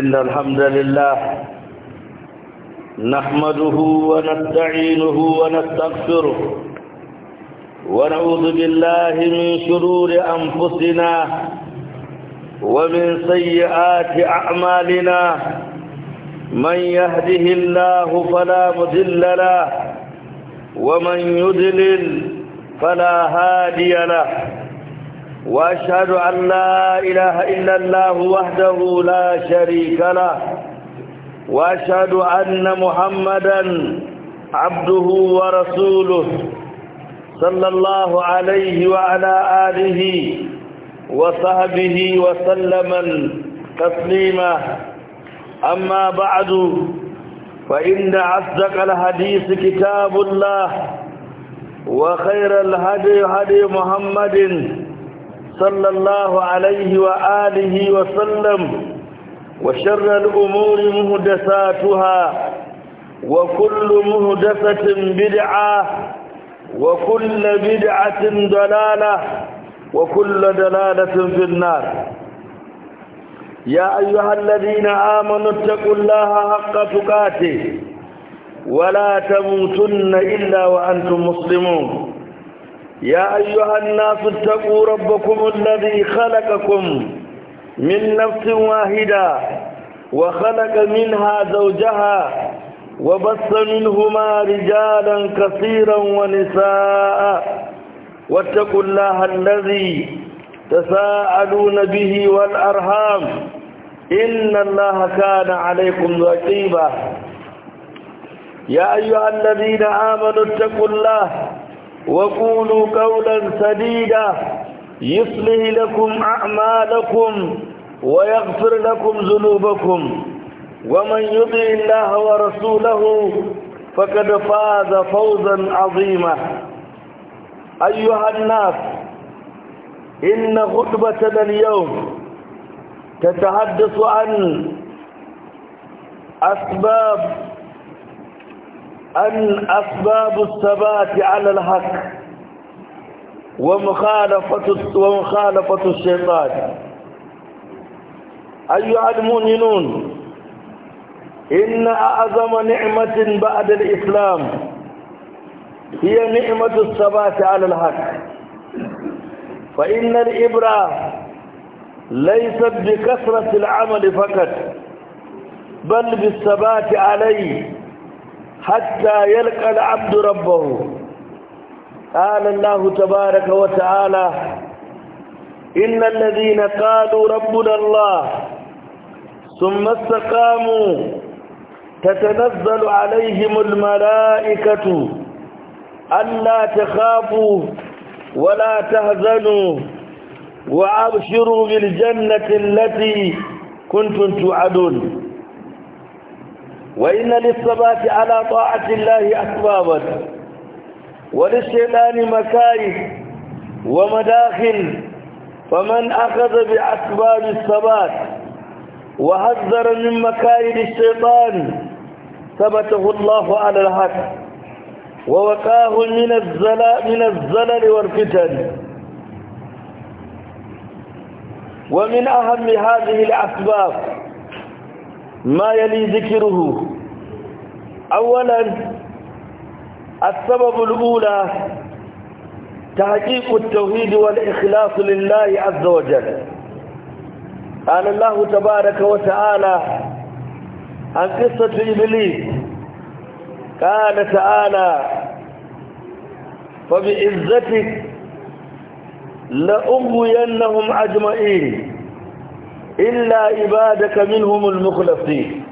إن الحمد لله نحمده ونستعينه ونستغفره ونعوذ بالله من شرور أنفسنا ومن سيئات أعمالنا من يهده الله فلا مذل له ومن يذلل فلا هادي له وأشهد أن لا إله إلا الله وحده لا شريك له وأشهد أن محمدا عبده ورسوله صلى الله عليه وعلى آله وصحبه وسلم تسليما أما بعد فإن أصدق الحديث كتاب الله وخير الهدي هدي محمد صلى الله عليه وآله وسلم وشر الأمور مهدساتها وكل مهدسة بدعة وكل بدعة دلالة وكل دلالة في النار يا أيها الذين آمنوا اتقوا الله حق تقاته ولا تموتن إلا وأنتم مسلمون يا أيها الناس اتقوا ربكم الذي خلقكم من نفس واحدة وخلق منها زوجها وبث منهما رجالا كثيرا ونساء واتقوا الله الذي تساءلون به والأرهام إن الله كان عليكم رقيبا يا أيها الذين آمنوا اتقوا الله وقولوا قولا سديدا يصلح لكم أعمالكم ويغفر لكم ذنوبكم ومن يطع الله ورسوله فقد فاز فوزا عظيما أيها الناس إن خطبتنا اليوم تتحدث عن أسباب أن أسباب الثبات على الحق ومخالفة, ومخالفة الشيطان أيها المؤمنون إن أعظم نعمة بعد الإسلام هي نعمة الثبات على الحق فإن الإبرة ليست بكثرة العمل فقط بل بالثبات عليه حتى يلقى العبد ربه قال الله تبارك وتعالى إن الذين قالوا ربنا الله ثم استقاموا تتنزل عليهم الملائكة ألا تخافوا ولا تهزنوا وأبشروا بالجنة التي كنتم توعدون وإن للثبات على طاعة الله أسبابا وللشيطان مكاره ومداخل فمن أخذ بأسباب الثبات وحذر من مكائد الشيطان ثبته الله على الحق ووقاه من الزلل من الزلل والفتن ومن أهم هذه الأسباب ما يلي ذكره أولا السبب الأولى تحقيق التوحيد والإخلاص لله عز وجل قال الله تبارك وتعالى عن قصة إبليس قال تعالى فبعزتك لأغوينهم أجمعين إلا عبادك منهم المخلصين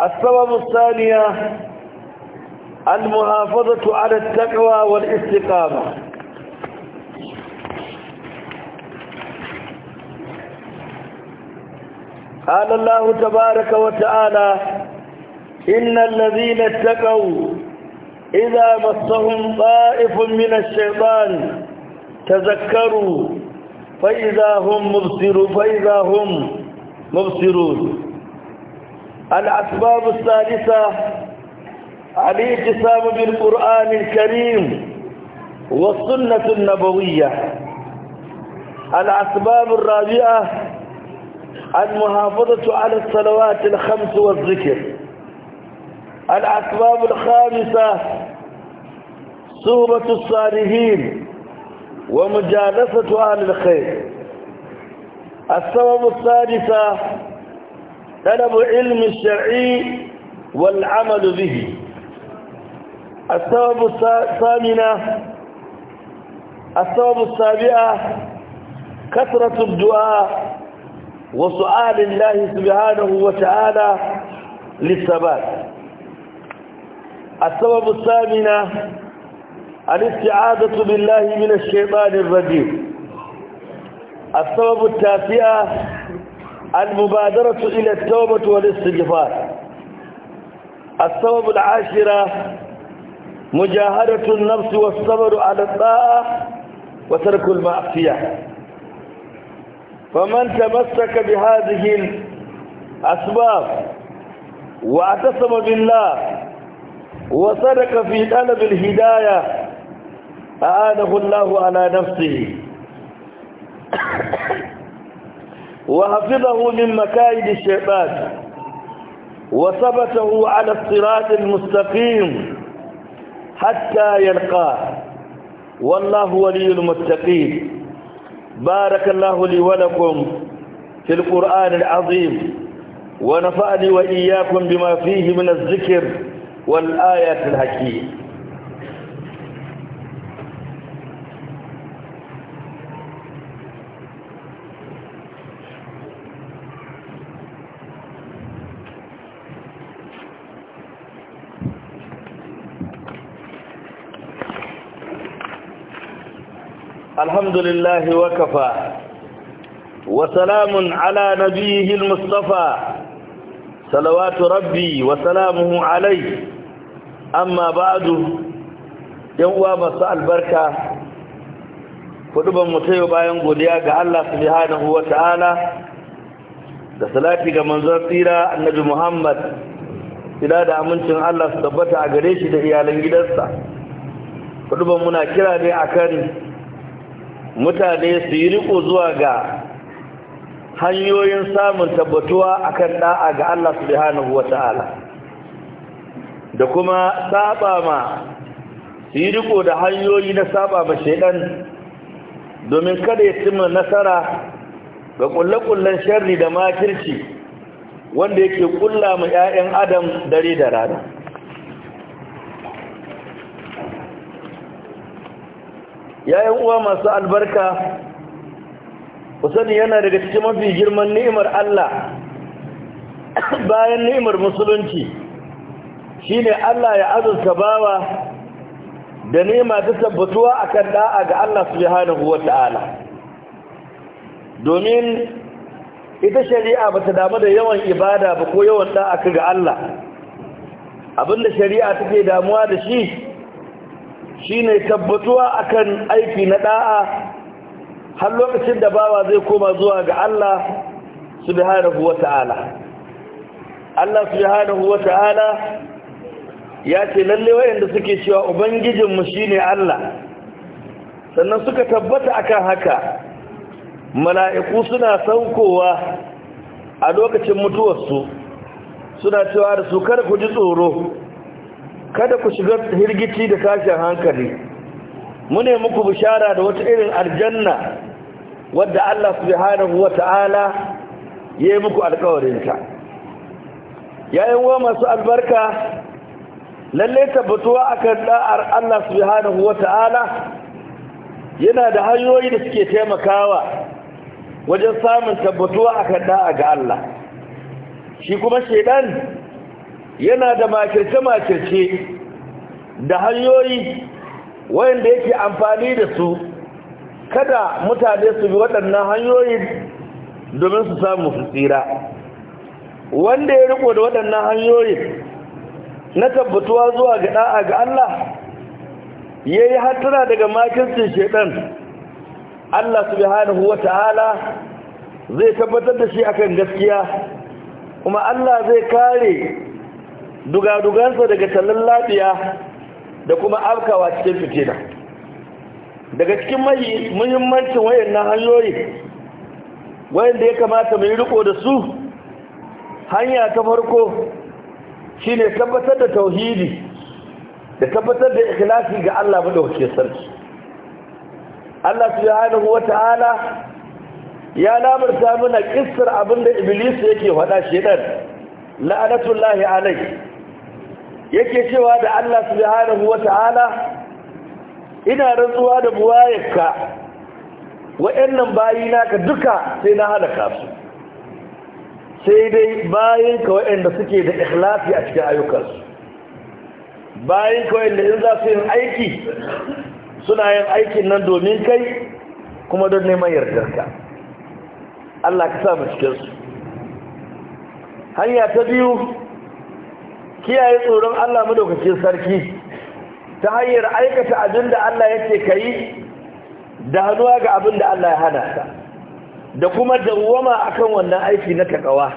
السبب الثانية المحافظة على التقوى والاستقامة قال الله تبارك وتعالى إن الذين اتقوا إذا مسهم طائف من الشيطان تذكروا فإذا هم مبصرون فإذا هم مبصرون الأسباب الثالثة الالتزام بالقرآن الكريم والسنة النبوية الأسباب الرابعة المحافظة على الصلوات الخمس والذكر الأسباب الخامسة صحبة الصالحين ومجالسة أهل الخير السبب الثالثة طلب علم الشرعي والعمل به الثواب الثامنة الثواب السابعة كثرة الدعاء وسؤال الله سبحانه وتعالى للثبات الثواب الثامنة الاستعاذة بالله من الشيطان الرجيم الثواب التاسعة المبادرة إلى التوبة والاستغفار الثواب العاشرة مجاهدة النفس والصبر على الطاعة وترك المعصية فمن تمسك بهذه الأسباب واعتصم بالله وصدق في طلب الهداية أعانه الله على نفسه وحفظه من مكائد الشيطان وثبته على الصراط المستقيم حتى يلقاه والله ولي المتقين بارك الله لي ولكم في القرآن العظيم ونفعني وإياكم بما فيه من الذكر والآيات الحكيم الحمد لله وكفى وسلام على نبيه المصطفى صلوات ربي وسلامه عليه أما بعد يوم مساء البركة kuduban mu tayo bayan godiya ga Allah subhanahu wata'ala da salati ga manzon tsira annabi Muhammad ila da amincin Allah su tabbata a gare shi da iyalan gidansa mu muna kira ne akan mutane su yi riko zuwa ga hanyoyin samun tabbatuwa akan da'a ga Allah subhanahu wata'ala da kuma saba ma su yi riko da hanyoyi na saba ma shaidan domin kada ya cimma nasara ga ƙulle kullen sharri da makirci wanda yake kulla mu 'ya'yan adam dare da rana yayin uwa masu albarka usani yana daga cikin mafi girman ni'imar Allah bayan ni'imar musulunci shine Allah ya azurta bawa da ni'ima ta tabbatuwa akan da'a ga Allah subhanahu wata'ala domin ita shari'a bata damu da yawan ibada ba ko yawan da'a ga Allah abinda shari'a take damuwa da shi shine tabbatuwa akan aiki na da'a har lokacin da bawa zai koma zuwa ga Allah subhanahu wata'ala Allah subhanahu wata'ala ya ce lalle wayanda suke cewa ubangijin mu shine Allah sannan suka tabbata akan haka mala'iku suna saukowa a lokacin mutuwarsu suna cewa da su kar ku ji tsoro kada ku shiga hirgiti da tashin hankali mune ne muku bishara da wata irin aljanna wadda Allah subhanahu wata'ala ya yi muku alkawarinta yayin wa masu albarka lalle tabbatuwa akan da'ar Allah subhanahu wata'ala yana da hanyoyi da suke taimakawa wajen samun tabbatuwa akan da'a ga Allah shi kuma shedan yana da makirce-makirce da hanyoyi wayanda yake amfani da su kada mutane su bi waɗannan hanyoyin domin su samu su tsira wanda ya riko da waɗannan hanyoyin na tabbatuwa zuwa ga ɗa'a ga Allah ya yi hattara daga makirce shaiɗan Allah bi hannu ta'ala zai tabbatar da shi akan gaskiya kuma Allah zai kare dugadugansa daga tallan lafiya da kuma afkawa cikin fitina daga cikin muhimmancin wayannan hanyoyi wayanda ya kamata mai riko da su hanya ta farko shine tabbatar da tauhidi da tabbatar da ikhlasi ga Allah madaukakin sarki Allah subhanahu wata'ala ya labarta mana kissar abinda iblis yake faɗa shedan la'anatullahi alai yake cewa da Allah subhanahu wata'ala ina rantsuwa da buwayarka wa'annan bayi naka duka sai na halaka su sai dai bayan ka wa'anda suke da ikhlasi a cikin ayyukansu bayan ka wa'anda in za su yin aiki suna yin aikin nan domin kai kuma don neman yardarka Allah ka sa mu cikinsu hanya ta biyu kiyaye tsoron Allah madaukakin sarki ta hanyar aikata abin da Allah ya ce kai da hannuwa ga abin da Allah ya hana ta da kuma dawwama akan wannan aiki na takawa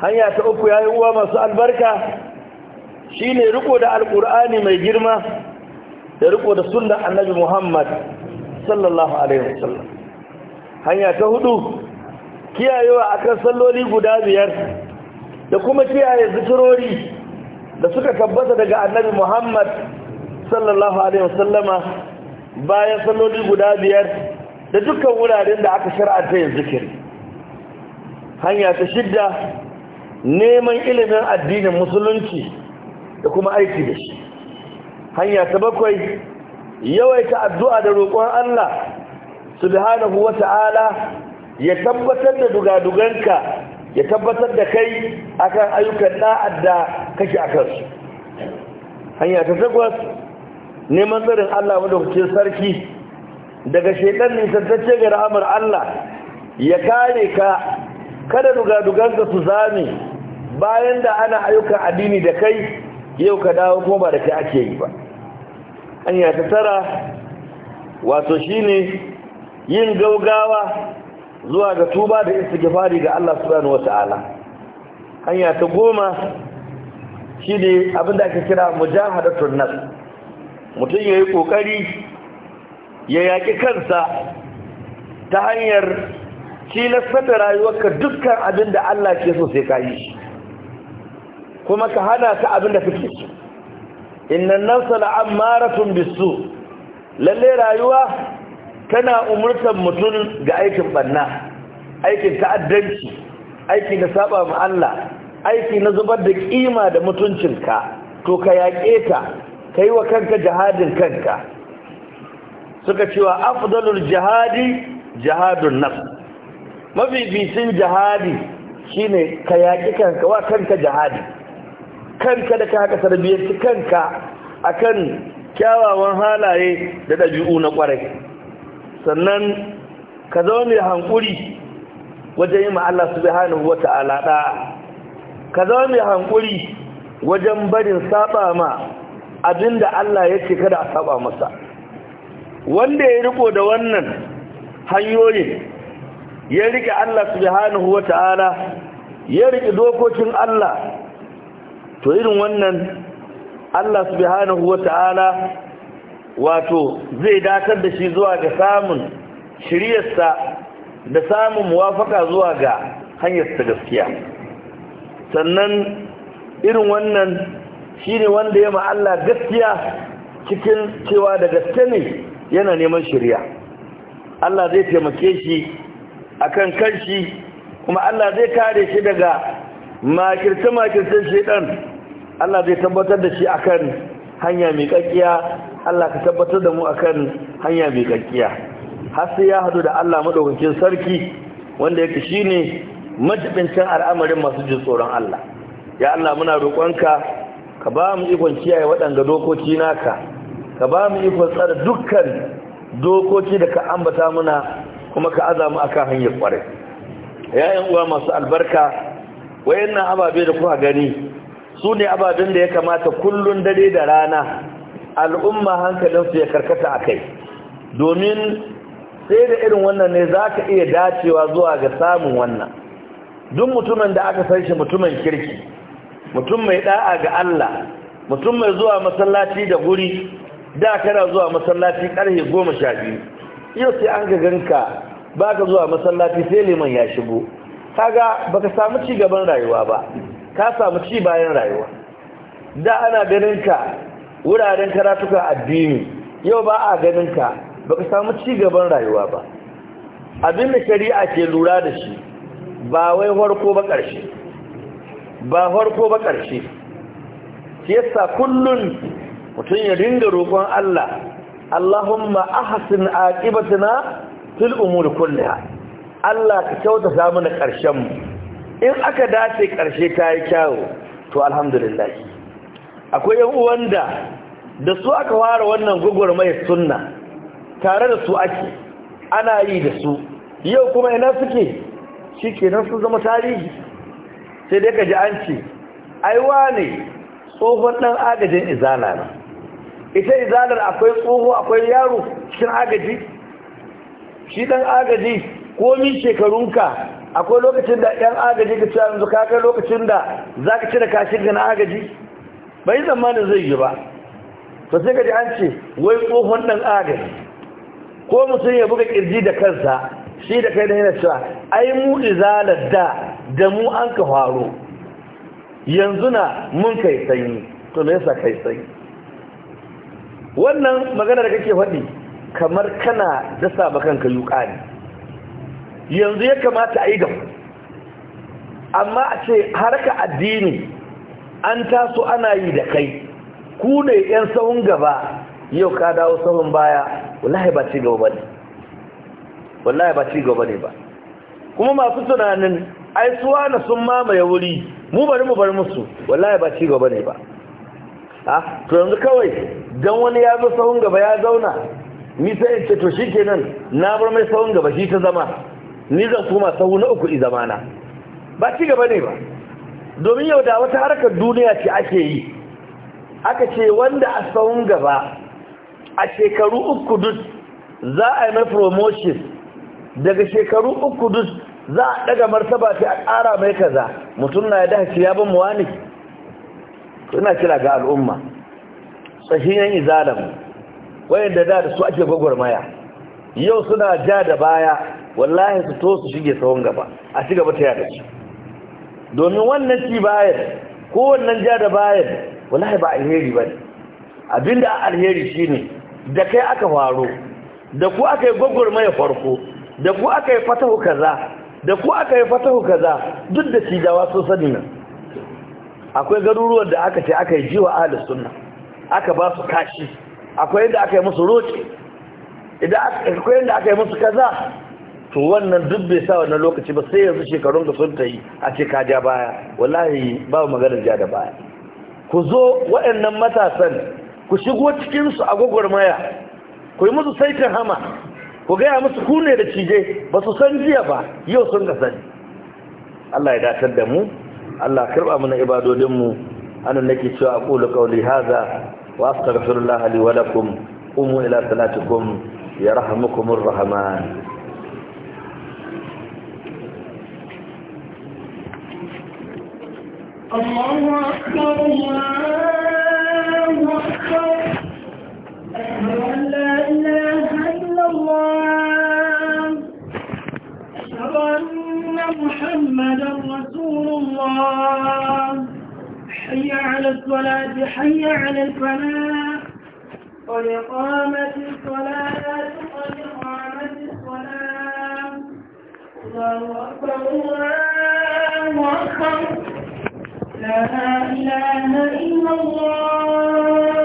hanya ta uku yayi uwa masu albarka shine riko da alqur'ani mai girma da riko da sunnar annabi Muhammad sallallahu alaihi wasallam hanya ta hudu kiyayewa akan salloli guda biyar da kuma kiyaye zikirori da suka tabbata daga annabi Muhammad sallallahu alaihi wasallama bayan salloli guda biyar da dukkan wuraren da aka shar'anta yin zikiri hanya ta shidda neman ilimin addinin musulunci da kuma aiki da shi hanya ta bakwai yawaita addu'a da roƙon Allah subhanahu wata'ala ya tabbatar da dugaduganka ya tabbatar da kai akan ayyukan da'ad da kake a kansu. hanya ta takwas neman tsarin Allah kuke sarki daga shaitan ne tantacce ga ra'amar Allah ya kare ka kada dugaduganka su zame bayan da ana ayyukan addini da kai yau ka dawo kuma ba da kai ake yi ba hanya ta tara wato shine yin gaugawa zuwa ga tuba da istighfari ga Allah subhanahu wataala hanya ta goma shine abinda ake kira mujahadatul nafs mutum yayi kokari ya yaki kansa ta hanyar tilasta ka dukkan abinda Allah ke so sai ka yi kuma ka hana ta abinda kake so innan nafsa la'ammaratun bisu lalle rayuwa tana umurtar mutum ga aikin banna aikin ta'addanci aiki na saba ma Allah aiki na zubar da kima da mutuncinka to ka yaƙe ta ka yi wa kanka jihadin kanka suka cewa afdalul jihadi jihadun nafs bisin jihadi shine ka yaƙi kanka wa kanka jihadi kanka da ka haka tarbiyyar kanka akan kyawawan halaye da ɗabi'u na ƙwarai sannan ka zama mai hankuri wajen yi ma'alla su bihanu wata alaɗa ka zama mai hankuri wajen barin saba ma abinda Allah ya ce kada a saba masa wanda ya riko da wannan hanyoyin ya rike Allah subhanahu wata ala ya rike dokokin Allah to irin wannan Allah subhanahu wata ala wato zai datar da shi zuwa ga samun shiryarsa da samun muwafaka zuwa ga hanyarsa gaskiya sannan irin wannan shi ne wanda ya ma'alla gaskiya cikin cewa da gaske ne yana neman shirya Allah zai taimake shi akan kanshi kuma Allah zai kare shi daga makirce-makircen shaidan Allah zai tabbatar da shi akan hanya mai kakkiya Allah ka tabbatar da mu akan hanya mai kakkiya har sai ya hadu da Allah madaukakin sarki wanda yake shine majibincin al'amarin masu jin tsoron Allah ya Allah muna roƙonka ka ba mu ikon kiyaye waɗanda dokoki naka ka ba mu ikon tsara dukkan dokoki da ka ambata muna kuma ka aza mu akan hanyar kwarai yayan uwa masu albarka wayannan ababe da kuka gani su ne ababen da ya kamata kullun dare da rana al'umma hankalin su ya karkata a kai domin sai da irin wannan ne za ka iya dacewa zuwa ga samun wannan duk mutumin da aka san shi mutumin kirki mutum mai da'a ga Allah mutum mai zuwa masallaci da guri da kana zuwa masallaci karfe goma sha biyu yau sai an ga ganka ba ka zuwa masallaci sai liman ya shigo kaga ba ka samu ci gaban rayuwa ba ka samu ci bayan rayuwa da ana ganin ka wuraren karatuka addini yau ba a ganin ka baka samu ci gaban rayuwa ba abin da shari'a ke lura da shi ba wai harko ba ƙarshe ba harko ba ƙarshe ke sa kullun mutum ya dinga roƙon Allah Allahumma ahsin aqibatana fil umuri kulliha Allah ka kyautata na ƙarshen mu in aka dace ƙarshe ta yi kyawu to alhamdulillah akwai yan uwan da da su aka fara wannan mai sunna tare da su ake ana yi da su yau kuma ina suke shi kenan sun zama tarihi sai dai ka ji an ce aiwa ne tsohon ɗan agajin izana na ita izanar akwai tsoho akwai yaro cikin agaji shi ɗan agaji komi shekarunka akwai lokacin da ɗan agaji ka ci yanzu ka lokacin da za ka cire kashin ka na agaji bai zamanin zai yi ba to sai ka an ce wai tsohon ɗan agaji ko mutum ya buga ƙirji da kansa shi da kai da yana cewa ai mu izalar da da mu an ka faro yanzu na mun kai sanyi to me yasa kai sanyi wannan magana da kake faɗi kamar kana dasa makanka yuƙa ne yanzu ya kamata a yi da amma a ce harka addini an taso ana yi da kai ku ne yan sahun gaba yau ka dawo sahun baya wallahi ba ci gaba ne wallahi ba ci gaba ne ba kuma masu tunanin ai suwa na sun mamaye wuri mu bari mu bari musu wallahi ba ci gaba ne ba a ah, to yanzu kawai dan wani ya zo sahun gaba ya zauna ni sai ce to shikenan na bar mai sahun gaba shi ta zama ni zan kuma sahu na uku i zamana ba ci gaba ne ba domin yau da wata harkar duniya ce ake yi aka ce wanda a tsawon gaba a shekaru uku duk za a yi mai promotion daga shekaru uku duk za a daga martaba ce a ƙara mai kaza mutum na ya dace ya muwa ne suna kira ga al'umma tsashiyan izalamu wayanda da su ake gwagwarmaya yau suna ja da baya wallahi su to su shige tsawon gaba a shiga ta yada su domin wannan ci bayan ko wannan ja da bayan wallahi ba alheri ba ne abinda alheri shi ne, da kai aka faro da ku aka yi mai farko da ku aka yi fatahu kaza da ku aka yi fatahu kaza duk da cijawa sun sani nan akwai garuruwan da aka ce aka yi jiwa ahli sunna aka ba su kashi akwai yadda aka yi musu roce akwai yadda aka yi musu kaza to wannan duk bai sa wannan lokaci ba sai yanzu shekarun da sun ta yi a ce ka ja baya wallahi ba maganar ja da baya ku zo waɗannan matasan ku shigo cikinsu a gwagwarmaya ku yi musu saitin hama ku gaya musu kune da cije ba su san jiya ba yau sun ga sani Allah ya datar da mu Allah karba mana ibadodinmu anan nake cewa aqulu qawli hadha wa astaghfirullaha li wa lakum ya ila salatikum yarhamukumur rahman الله أكبر الله أكبر أشهد أن لا إله إلا الله أشهد أن محمدا رسول الله حي على الصلاة حي على الفلاح قد قامت الصلاة قد قامت الصلاة الله أكبر الله أكبر لا إله إلا الله